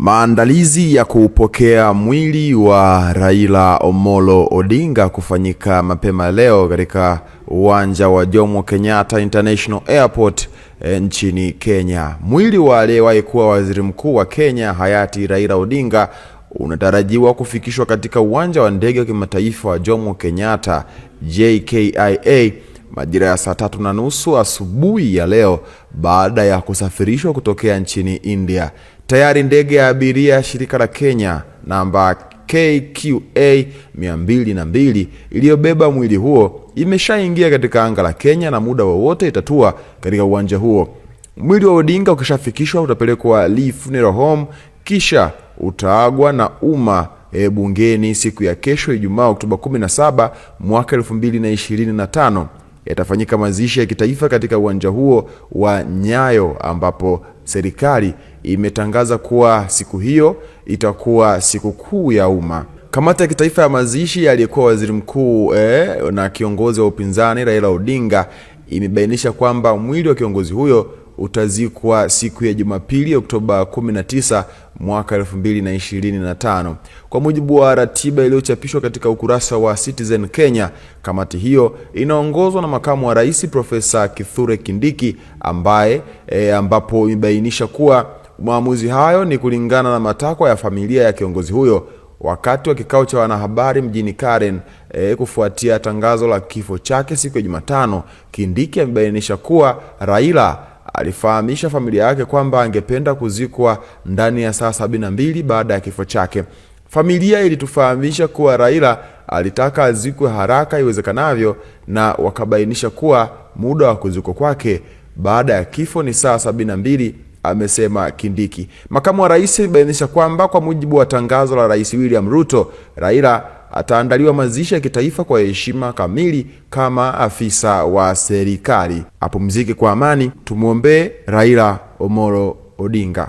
Maandalizi ya kuupokea mwili wa Raila Omolo Odinga kufanyika mapema leo katika uwanja wa Jomo Kenyatta International Airport eh, nchini Kenya. Mwili wa aliyewahi kuwa waziri mkuu wa Kenya hayati Raila Odinga unatarajiwa kufikishwa katika uwanja wa ndege wa kimataifa wa Jomo Kenyatta JKIA majira ya saa tatu na nusu asubuhi ya leo baada ya kusafirishwa kutokea nchini India. Tayari ndege ya abiria shirika la Kenya namba KQA 202 iliyobeba mwili huo imeshaingia katika anga la Kenya na muda wowote itatua katika uwanja huo. Mwili wa Odinga ukishafikishwa utapelekwa Lee Funeral Home kisha utaagwa na umma e, bungeni siku ya kesho Ijumaa Oktoba 17 mwaka 2025 yatafanyika mazishi ya kitaifa katika uwanja huo wa Nyayo ambapo serikali imetangaza kuwa siku hiyo itakuwa sikukuu ya umma. Kamati ya kitaifa ya mazishi aliyekuwa waziri mkuu eh, na kiongozi wa upinzani Raila Odinga imebainisha kwamba mwili wa kiongozi huyo utazikwa siku ya Jumapili Oktoba 19 mwaka 2025. Kwa mujibu wa ratiba iliyochapishwa katika ukurasa wa Citizen Kenya, kamati hiyo inaongozwa na makamu wa rais Profesa Kithure Kindiki ambaye e, ambapo imebainisha kuwa maamuzi hayo ni kulingana na matakwa ya familia ya kiongozi huyo wakati wa kikao cha wanahabari mjini Karen e, kufuatia tangazo la kifo chake siku ya Jumatano, Kindiki amebainisha kuwa Raila alifahamisha familia yake kwamba angependa kuzikwa ndani ya saa mbili baada ya kifo chake. Familia ilitufahamisha kuwa Raila alitaka azikwe haraka iwezekanavyo na wakabainisha kuwa muda wa kuzikwa kwake baada ya kifo ni saa mbili, amesema Kindiki. Makamu wa rais alibainisha kwamba kwa mujibu wa tangazo la Rais William Ruto, Raila ataandaliwa mazishi ya kitaifa kwa heshima kamili kama afisa wa serikali. Apumzike kwa amani, tumwombee Raila Omolo Odinga.